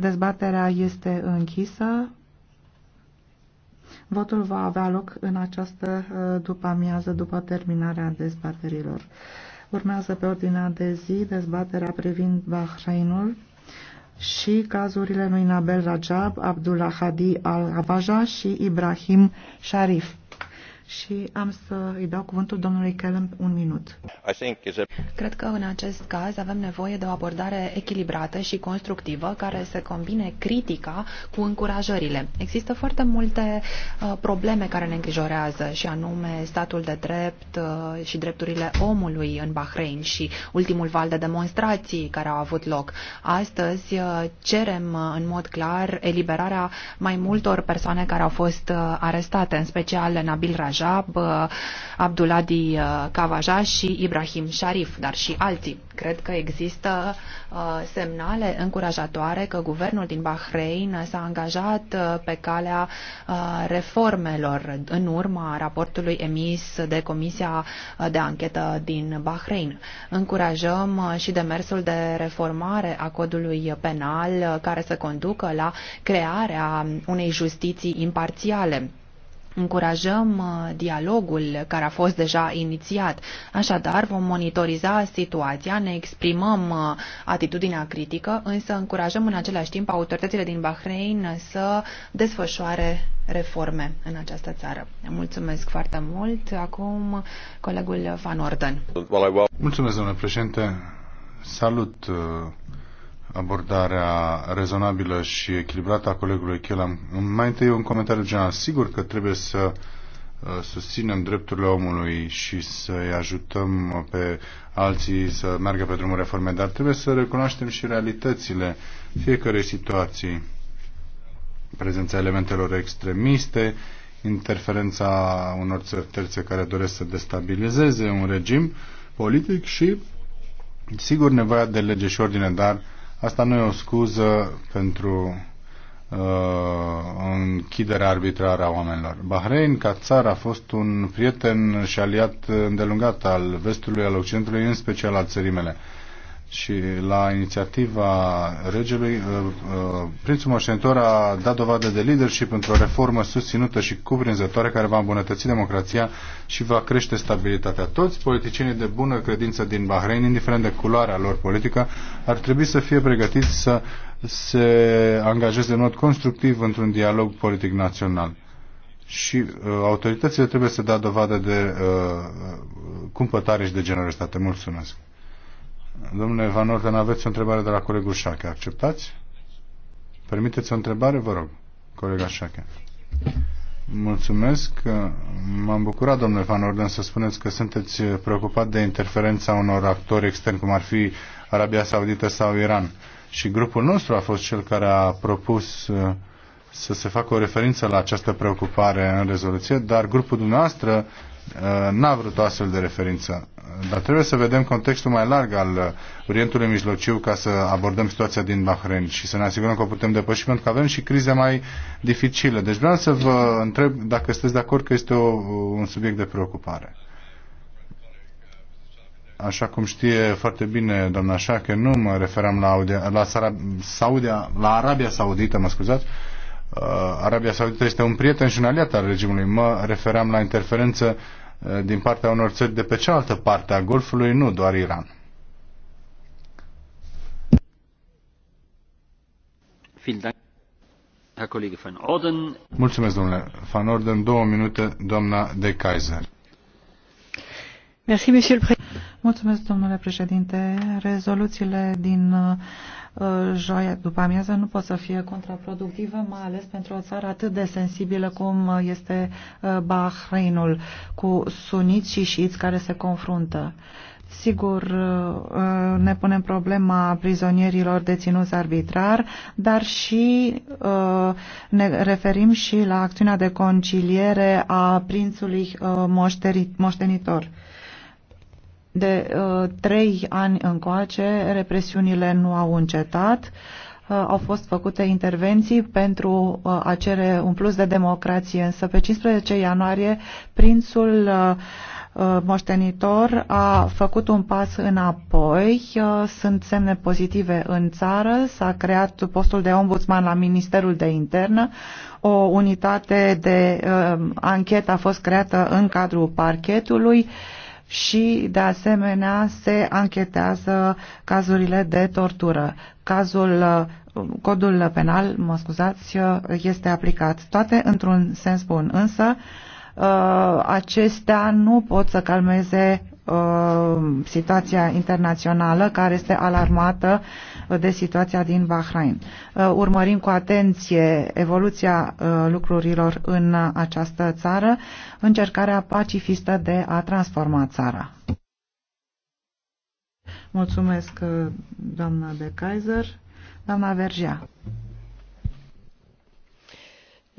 Dezbaterea este închisă. Votul va avea loc în această uh, după amiază, după terminarea dezbaterilor. Urmează pe ordinea de zi dezbaterea privind Bahrainul și cazurile lui Nabel Rajab, Abdullah Hadi al avaja și Ibrahim Sharif și am să îi dau cuvântul domnului Kellam un minut. Cred că în acest caz avem nevoie de o abordare echilibrată și constructivă care să combine critica cu încurajările. Există foarte multe uh, probleme care ne îngrijorează și anume statul de drept uh, și drepturile omului în Bahrain și ultimul val de demonstrații care au avut loc. Astăzi uh, cerem în mod clar eliberarea mai multor persoane care au fost arestate, în special Nabil Raj Rajab, uh, Abduladi Kavaja uh, și Ibrahim Sharif, dar și alții. Cred că există uh, semnale încurajatoare că guvernul din Bahrain s-a angajat pe calea reformelor în urma raportului emis de Comisia de Anchetă din Bahrain. Încurajăm și demersul de reformare a codului penal care să conducă la crearea unei justiții imparțiale încurajăm uh, dialogul care a fost deja inițiat. Așadar, vom monitoriza situația, ne exprimăm uh, atitudinea critică, însă încurajăm în același timp autoritățile din Bahrain să desfășoare reforme în această țară. Mulțumesc foarte mult. Acum colegul Van Orden. Mulțumesc, domnule președinte. Salut uh, abordarea rezonabilă și echilibrată a colegului Chelam. Mai întâi un comentariu general. Sigur că trebuie să uh, susținem drepturile omului și să-i ajutăm pe alții să meargă pe drumul reformei, dar trebuie să recunoaștem și realitățile fiecarei situații. Prezența elementelor extremiste, interferența unor țări terțe care doresc să destabilizeze un regim politic și, sigur, nevoia de lege și ordine, dar uh, Asta nu e o scuză pentru uh, închiderea arbitrară a oamenilor. Bahrein ca țară, a fost un prieten și aliat îndelungat al vestului, al occidentului, în special al țării mele. Uh, și la inițiativa regelui, uh, uh, prințul moștenitor a dat dovadă de leadership într-o reformă susținută și cuprinzătoare care va îmbunătăți democrația și va crește stabilitatea. Toți politicienii de bună credință din Bahrain, indiferent de culoarea lor politică, ar trebui să fie pregătiți să se angajeze în mod constructiv într-un dialog politic național și uh, autoritățile trebuie să dea dovadă de uh, uh cumpătare și de generozitate. Mulțumesc! Domnule Van Orden, aveți o întrebare de la colegul Șache. Acceptați? Permiteți o întrebare, vă rog, colega Șache. Mulțumesc. M-am bucurat, domnule Van Orden, să spuneți că sunteți preocupat de interferența unor actori externi, cum ar fi Arabia Saudită sau Iran. Și grupul nostru a fost cel care a propus uh, să se facă o referință la această preocupare în rezoluție, dar grupul dumneavoastră Uh, n-a vrut o astfel de referință. Dar trebuie să vedem contextul mai larg al Orientului Mijlociu ca să abordăm situația din Bahrain și să ne asigurăm că o putem depăși pentru că avem și crize mai dificile. Deci vreau să vă întreb dacă sunteți de acord că este o, un subiect de preocupare. Așa cum știe foarte bine doamna Șache, nu mă referam la, Audia, la, Sarab, Saudia, la Arabia Saudită, mă scuzați, uh, Uh, Arabia Saudită este un prieten și un aliat al regimului. Mă refeream la interferență uh, din partea unor țări de pe cealaltă parte a Golfului, nu doar Iran. Mulțumesc, domnule Van Orden. Două minute, doamna de Kaiser. Mulțumesc, domnule președinte. Rezoluțiile din uh, Uh, joia după amiază nu pot să fie contraproductivă, mai ales pentru o țară atât de sensibilă cum uh, este uh, Bahreinul, cu suniți și șiți care se confruntă. Sigur, ne punem problema prizonierilor deținuți arbitrar, dar și ne referim și la acțiunea de conciliere a prințului moștenitor de uh, trei ani încoace, represiunile nu au încetat. Uh, au fost făcute intervenții pentru uh, a cere un plus de democrație, însă pe 15 ianuarie prințul uh, uh, moștenitor a făcut un pas înapoi. Uh, sunt semne pozitive în țară. S-a creat postul de ombudsman la Ministerul de Internă. O unitate de uh, anchetă a fost creată în cadrul parchetului. Uh, și, de asemenea, se anchetează cazurile de tortură. Cazul, uh, codul penal, mă scuzați, uh, este aplicat. Toate într-un sens bun, însă uh, acestea nu pot să calmeze Uh, situația internațională care este alarmată de situația din Bahrain. Uh, urmărim cu atenție evoluția uh, lucrurilor în această țară, încercarea pacifistă de a transforma țara. Mulțumesc, doamna de Kaiser. Doamna Vergea.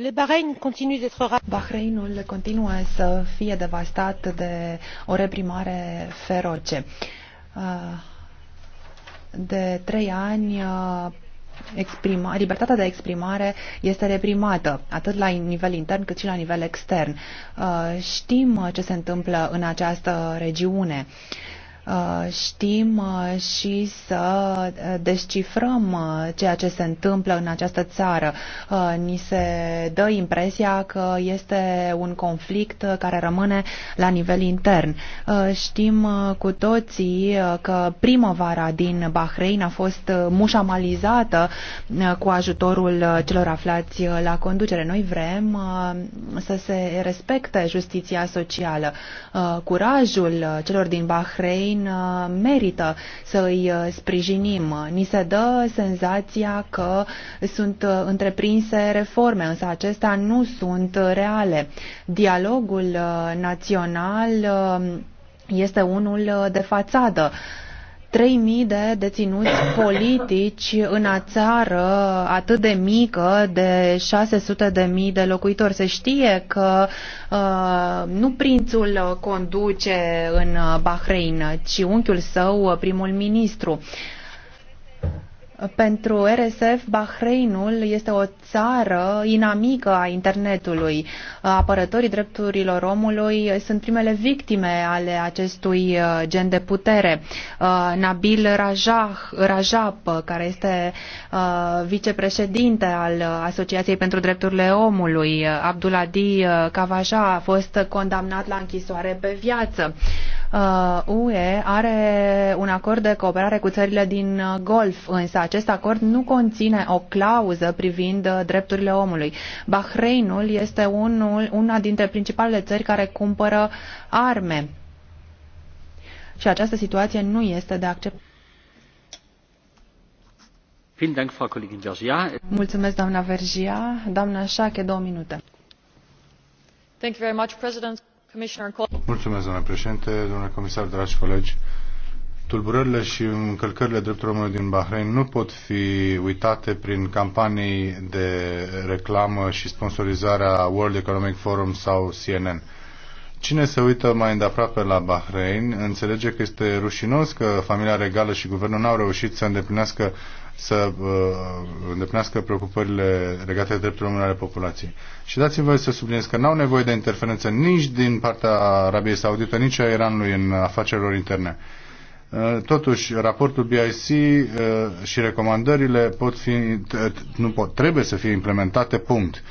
Bahrainul continuă să fie devastat de o reprimare feroce. Uh, de trei ani uh, exprima, libertatea de exprimare este reprimată, atât la nivel intern cât și la nivel extern. Uh, știm ce se întâmplă în această regiune Uh, știm uh, și să uh, descifrăm ceea ce se întâmplă în această țară. Ni se dă impresia că este un conflict care rămâne la nivel intern. Știm cu toții că primăvara din Bahrein a fost mușamalizată cu ajutorul celor aflați la conducere. Noi vrem să se respecte justiția socială. Curajul celor din Bahrein Berlin uh, merită să îi uh, sprijinim. Ni se dă senzația că sunt uh, întreprinse reforme, însă acestea nu sunt reale. Dialogul național este unul de fațadă 3.000 de deținuți politici în a țară atât de mică, de 600.000 de, mii de locuitori. Se știe că uh, nu prințul conduce în Bahrein, ci unchiul său, primul ministru. Uh, pentru RSF, Bahreinul este o țară inamică a internetului. Apărătorii drepturilor omului sunt primele victime ale acestui uh, gen de putere. Uh, Nabil Rajah, Rajab, care este uh, vicepreședinte al Asociației pentru Drepturile Omului, Abduladi Kavaja a fost condamnat la închisoare pe viață. UE uh, are un acord de cooperare cu țările din uh, Golf, însă acest acord nu conține o clauză privind uh, drepturile omului. Bahreinul este unul, una dintre principalele țări care cumpără arme. Și această situație nu este de acceptat. Mulțumesc, doamna Vergia. Doamna Șache, două minute. Thank you very much, President. Mulțumesc, domnule președinte, domnule comisar, dragi colegi. Tulburările și încălcările drepturilor omului din Bahrain nu pot fi uitate prin campanii de reclamă și sponsorizarea World Economic Forum sau CNN. Cine se uită mai îndeaproape la Bahrain înțelege că este rușinos că familia regală și guvernul n-au reușit să îndeplinească să uh, îndeplinească preocupările legate de drepturile omului ale populației. Și dați-mi voie să subliniez că n-au nevoie de interferență nici din partea Arabiei Saudită, nici a Iranului în afacerilor interne. Uh, totuși, raportul BIC uh, și recomandările pot fi, nu pot, trebuie să fie implementate, punct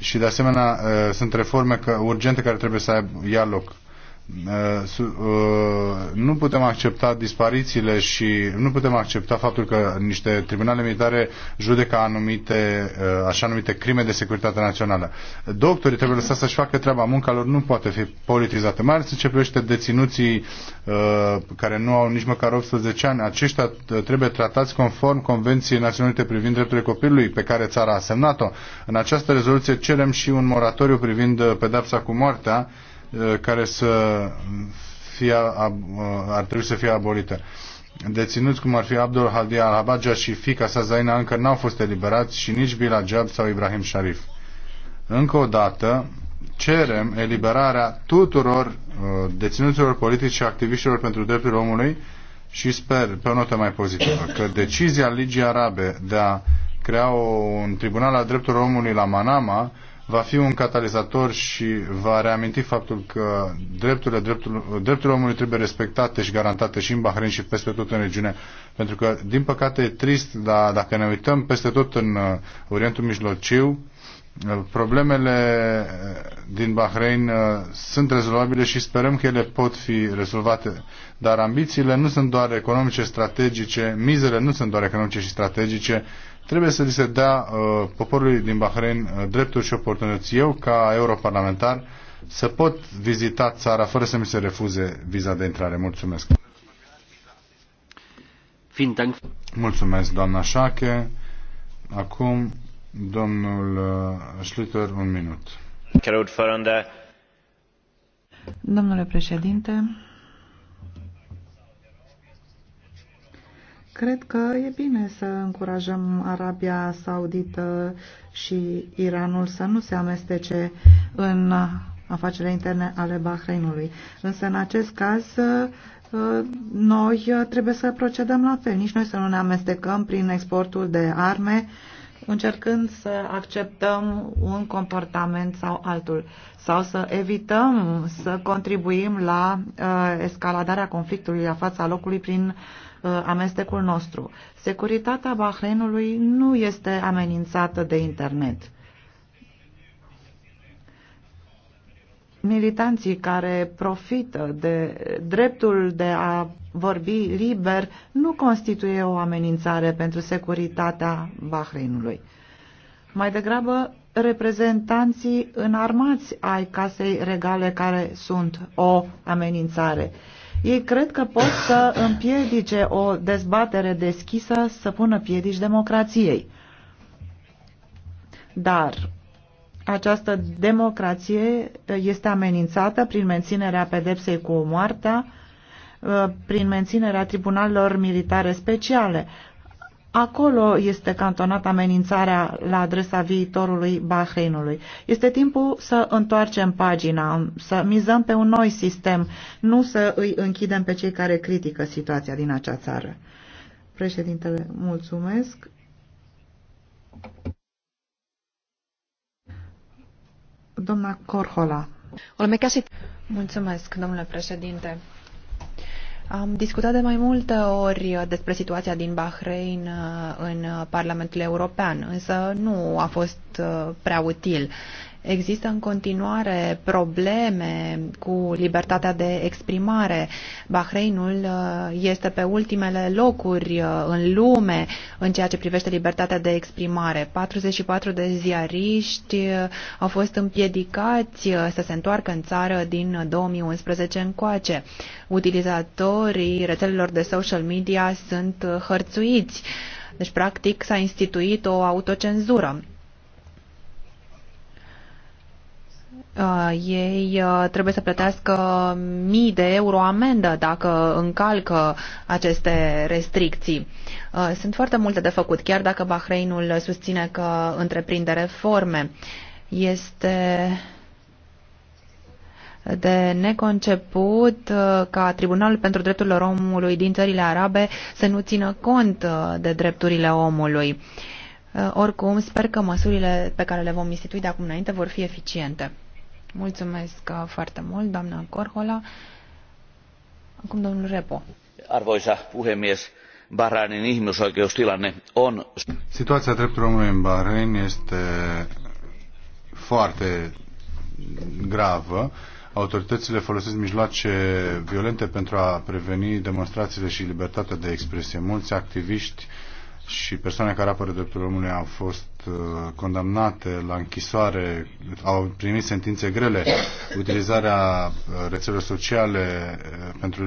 și de asemenea uh, sunt reforme urgente care trebuie să ia loc. Eh, eh, nu putem accepta disparițiile și nu putem accepta faptul că niște tribunale militare judecă anumite, eh, așa numite crime de securitate națională. Doctorii trebuie lăsați să-și facă treaba, munca lor nu poate fi politizată, mai ales ce privește deținuții care nu au nici măcar 18 ani. Aceștia trebuie tratați conform Convenției Naționale privind drepturile copilului pe care țara a semnat-o. În această rezoluție cerem și un moratoriu privind pedepsa cu moartea Uh, care să fie, uh, ar trebui să fie abolite. Deținuți cum ar fi Abdul Hadi al-Habaja și fica sa Zaina încă n-au fost eliberați și nici Bila Jab sau Ibrahim Sharif. Încă o dată cerem eliberarea tuturor uh, deținuților politici și activiștilor pentru drepturile omului și sper, pe o notă mai pozitivă, că decizia Ligii Arabe de a crea un tribunal al drepturilor omului la Manama va fi un catalizator și va reaminti faptul că drepturile, dreptul, drepturile omului trebuie respectate și garantate și în Bahrain și peste tot în regiune. Pentru că, din păcate, e trist, dar dacă ne uităm peste tot în uh, Orientul Mijlociu, uh, problemele uh, din Bahrain sunt rezolvabile și sperăm că ele pot fi rezolvate. Dar ambițiile nu sunt doar economice, strategice, mizele nu sunt doar economice și strategice, Trebuie să li se dea uh, poporului din Bahrain uh, drepturi și oportunități. Eu, ca europarlamentar, să pot vizita țara fără să mi se refuze viza de intrare. Mulțumesc. Mulțumesc, doamna Șache. Acum, domnul uh, Schlitter, un minut. Domnule președinte, Cred că e bine să încurajăm Arabia Saudită și Iranul să nu se amestece în afacerile interne ale Bahreinului. Însă, în acest caz, ă, noi trebuie să procedăm la fel. Nici noi să nu ne amestecăm prin exportul de arme, încercând să acceptăm un comportament sau altul sau să evităm să contribuim la ă, escaladarea conflictului la fața locului prin Uh, amestecul nostru. Securitatea Bahreinului nu este amenințată de internet. Militanții care profită de dreptul de a vorbi liber nu constituie o amenințare pentru securitatea Bahreinului. Mai degrabă, reprezentanții înarmați ai casei regale care sunt o amenințare. Ei cred că pot să împiedice o dezbatere deschisă să pună piedici democrației. Dar această democrație uh, este amenințată prin menținerea pedepsei cu moartea, uh, prin menținerea tribunalelor militare speciale, Acolo este cantonată amenințarea la adresa viitorului Bahreinului. Este timpul să întoarcem pagina, să mizăm pe un noi sistem, nu să îi închidem pe cei care critică situația din acea țară. Președintele, mulțumesc. Doamna Corhola. Mulțumesc, domnule președinte. Am discutat de mai multe ori despre situația din Bahrain uh, în uh, Parlamentul European, însă nu a fost uh, prea util. Există în continuare probleme cu libertatea de exprimare. Bahreinul uh, este pe ultimele locuri uh, în lume în ceea ce privește libertatea de exprimare. 44 de ziariști uh, au fost împiedicați să se întoarcă în țară din 2011 încoace. Utilizatorii rețelelor de social media sunt hărțuiți. Deci, practic, s-a instituit o autocenzură. Uh, ei uh, trebuie să plătească mii de euro amendă dacă încalcă aceste restricții. Uh, sunt foarte multe de făcut, chiar dacă Bahreinul susține că întreprinde reforme. Este de neconceput uh, ca Tribunalul pentru Drepturile Omului din țările arabe să nu țină cont uh, de drepturile omului. Uh, oricum, sper că măsurile pe care le vom institui de acum înainte vor fi eficiente. Mulțumesc uh, foarte mult, doamna Corhola. Acum domnul Repo. Arvoisa puhemies, Bahrainin ihmisoikeustilanne on... Situația drepturilor omului în Bahrain este foarte gravă. Autoritățile folosesc mijloace violente pentru a preveni demonstrațiile și libertatea de expresie. Mulți activiști și persoane care apără drepturile omului au fost uh, condamnate la închisoare, au primit sentințe grele, utilizarea uh, rețelelor sociale uh, pentru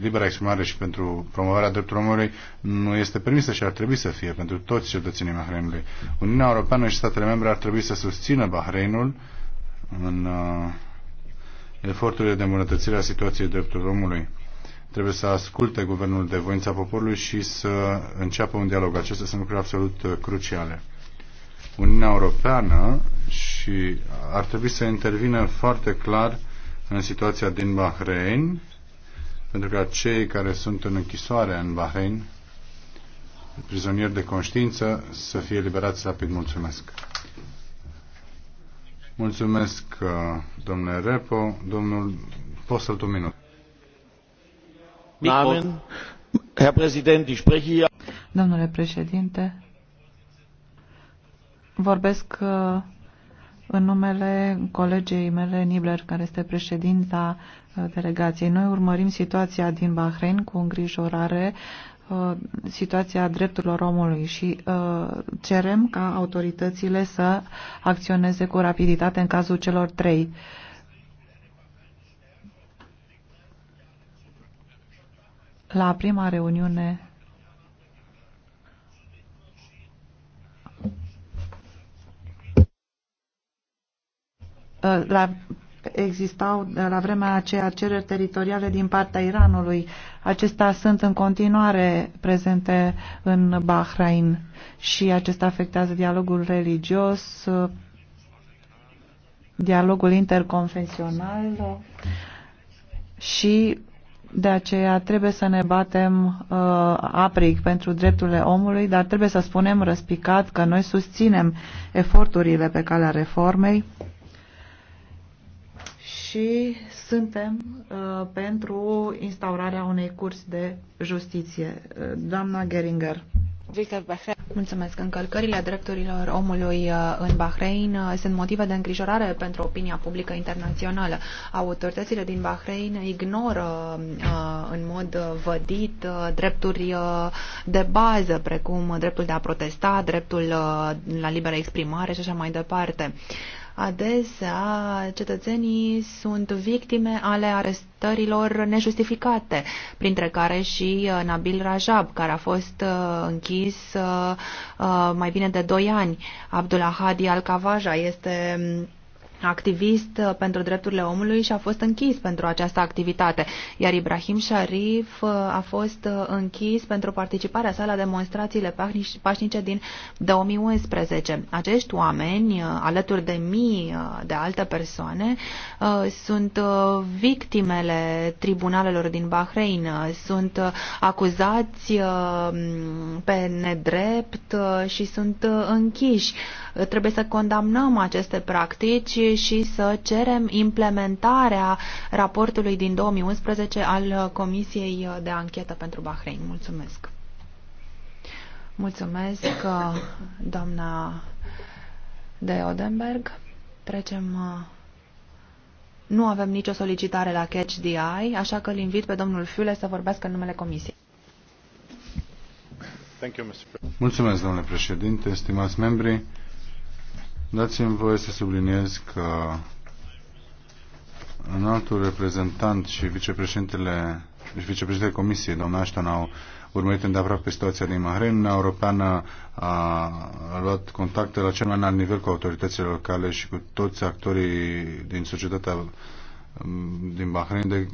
libera exprimare și pentru promovarea drepturilor omului nu este permisă și ar trebui să fie pentru toți cetățenii Bahreinului. Uniunea Europeană și statele membre ar trebui să susțină Bahreinul în eforturile de îmbunătățire a situației drepturilor omului trebuie să asculte guvernul de voința poporului și să înceapă un dialog. Acestea sunt lucruri absolut uh, cruciale. Uniunea Europeană și ar trebui să intervină foarte clar în situația din Bahrain, pentru că cei care sunt în închisoare în Bahrain, prizonieri de conștiință, să fie liberați rapid. Mulțumesc! Mulțumesc, uh, domnule Repo. Domnul, poți să-l minut. Domnule președinte, vorbesc uh, în numele colegei mele Nibler, care este președinta uh, delegației. Noi urmărim situația din Bahrain cu îngrijorare, uh, situația drepturilor omului și cerem ca autoritățile să acționeze cu rapiditate în cazul celor trei la prima reuniune uh, la, existau uh, la vremea aceea cereri teritoriale din partea Iranului. Acestea sunt în continuare prezente în Bahrain și acesta afectează dialogul religios, uh, dialogul interconfesional și de aceea trebuie să ne batem uh, aprig pentru drepturile omului, dar trebuie să spunem răspicat că noi susținem eforturile pe calea reformei și suntem uh, pentru instaurarea unei cursi de justiție. Uh, doamna Geringer. Încălcările drepturilor omului uh, în Bahrain uh, sunt motive de îngrijorare pentru opinia publică internațională. Autoritățile din Bahrain ignoră uh, în mod vădit drepturi de bază, precum dreptul de a protesta, dreptul la liberă exprimare și așa mai departe. Adesea, cetățenii sunt victime ale arestărilor nejustificate, printre care și uh, Nabil Rajab, care a fost uh, închis uh, mai bine de 2 ani. Abdullah Hadi Al-Kavaja este mm, activist uh, pentru drepturile omului și a fost închis pentru această activitate, iar Ibrahim Sharif uh, a fost uh, închis pentru participarea sa la demonstrațiile pașnice din 2011. Acești oameni, alături de mii de alte persoane, sunt victimele tribunalelor din Bahrain, sunt acuzați pe nedrept și sunt închiși. Trebuie să condamnăm aceste practici și să cerem implementarea raportului din 2011 al Comisiei de Anchetă pentru Bahrein. Mulțumesc! Mulțumesc, doamna de Odenberg. Trecem... Nu avem nicio solicitare la Catch Eye, așa că îl invit pe domnul Fiule să vorbească în numele Comisiei. Mulțumesc, domnule președinte, stimați membri. Dați-mi voie să subliniez că în altul reprezentant și vicepreședintele și vicepreședintele Comisiei, domnul Ashton, au urmărit îndeaproape situația din Mahrein. Uniunea Europeană a luat contacte la cel mai înalt nivel cu autoritățile locale și cu toți actorii din societatea mm, din Bahrain de,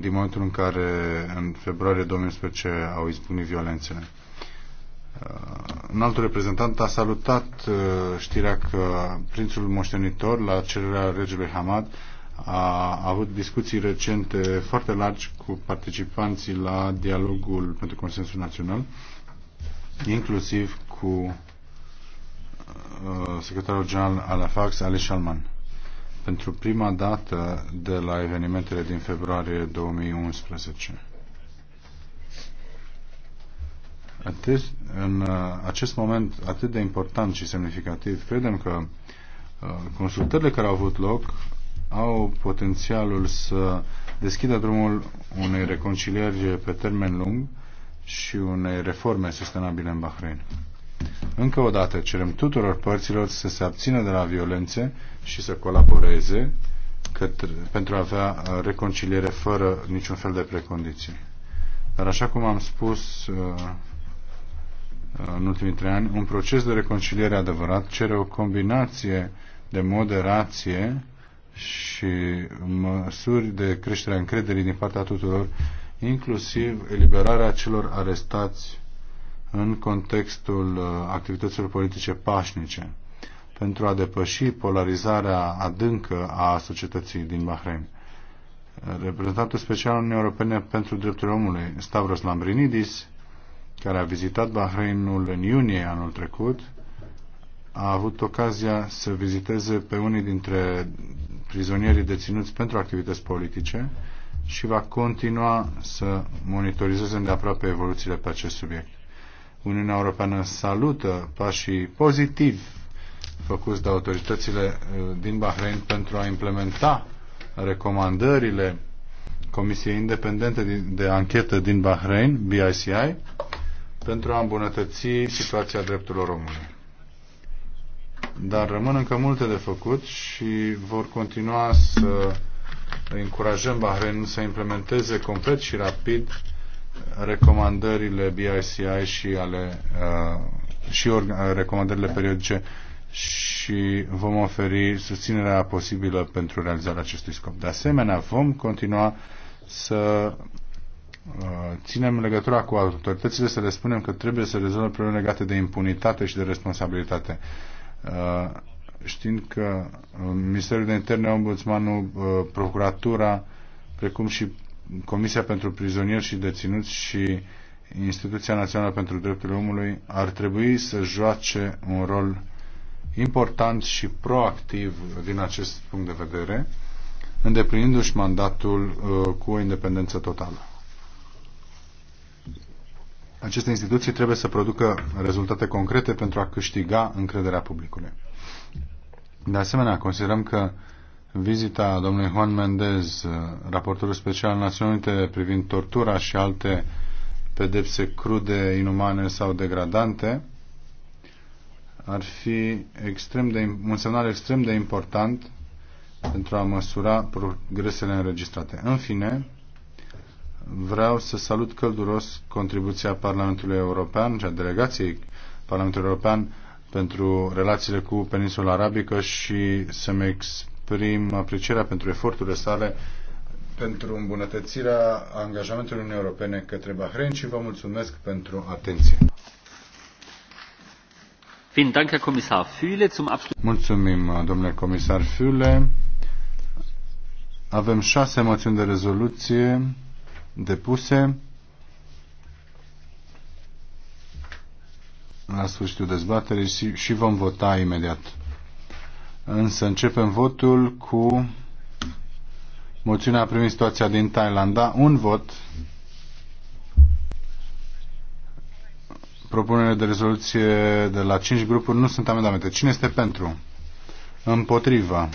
din momentul în care în februarie 2011 au izbucnit violențele. Un alt reprezentant a salutat uh, știrea că prințul moștenitor, la cererea regelui Hamad, a avut discuții recente foarte largi cu participanții la dialogul pentru consensul național, inclusiv cu uh, secretarul general al AFAX, Ali Shalman. Pentru prima dată de la evenimentele din februarie 2011. Atât, în uh, acest moment atât de important și semnificativ, credem că uh, consultările care au avut loc au potențialul să deschidă drumul unei reconcilieri pe termen lung și unei reforme sustenabile în Bahrain. Încă o dată cerem tuturor părților să se abțină de la violențe și să colaboreze către, pentru a avea uh, reconciliere fără niciun fel de precondiții. Dar așa cum am spus Uh, în ultimii trei ani, un proces de reconciliere adevărat cere o combinație de moderație și măsuri de creștere a încrederii din partea tuturor, inclusiv eliberarea celor arestați în contextul uh, activităților politice pașnice, pentru a depăși polarizarea adâncă a societății din Bahrain. Reprezentantul special al Uniunii Europene pentru Drepturile Omului, Stavros Lambrinidis, care a vizitat Bahreinul în iunie anul trecut, a avut ocazia să viziteze pe unii dintre prizonierii deținuți pentru activități politice și va continua să monitorizeze îndeaproape evoluțiile pe acest subiect. Uniunea Europeană salută pașii pozitivi făcuți de autoritățile uh, din Bahrain pentru a implementa recomandările Comisiei Independente de Anchetă din Bahrain, BICI, pentru a îmbunătăți situația drepturilor omului. Dar rămân încă multe de făcut și vor continua să încurajăm Bahrain să implementeze complet și rapid recomandările BICI și, ale, uh, și uh, recomandările periodice și vom oferi susținerea posibilă pentru realizarea acestui scop. De asemenea, vom continua să Uh, ținem legătura cu autoritățile să le spunem că trebuie să rezolvă probleme legate de impunitate și de responsabilitate. Uh, știind că uh, Ministerul de Interne, Ombudsmanul, Procuratura, precum și Comisia pentru Prizonieri și Deținuți și Instituția Națională pentru Drepturile Omului ar trebui să joace un rol important și proactiv din acest punct de vedere, îndeplinindu-și mandatul cu o independență totală aceste instituții trebuie să producă rezultate concrete pentru a câștiga încrederea publicului. De asemenea, considerăm că vizita domnului Juan Mendez, raportorul special al Națiunilor Unite privind tortura și alte pedepse crude, inumane sau degradante, ar fi extrem de, un semnal extrem de important pentru a măsura progresele înregistrate. În fine, vreau să salut călduros contribuția Parlamentului European și a delegației Parlamentului European pentru relațiile cu Peninsula Arabică și să-mi exprim aprecierea pentru eforturile sale pentru îmbunătățirea angajamentului Uniunii Europene către Bahrain și vă mulțumesc pentru atenție. Mulțumim, domnule comisar Füle. Avem șase moțiuni de rezoluție depuse. La sfârșitul dezbaterii și, și vom vota imediat. Însă începem votul cu moțiunea a primit situația din Thailanda. Un vot. Propunerea de rezoluție de la 5 grupuri nu sunt amendamente. Cine este pentru? Împotriva.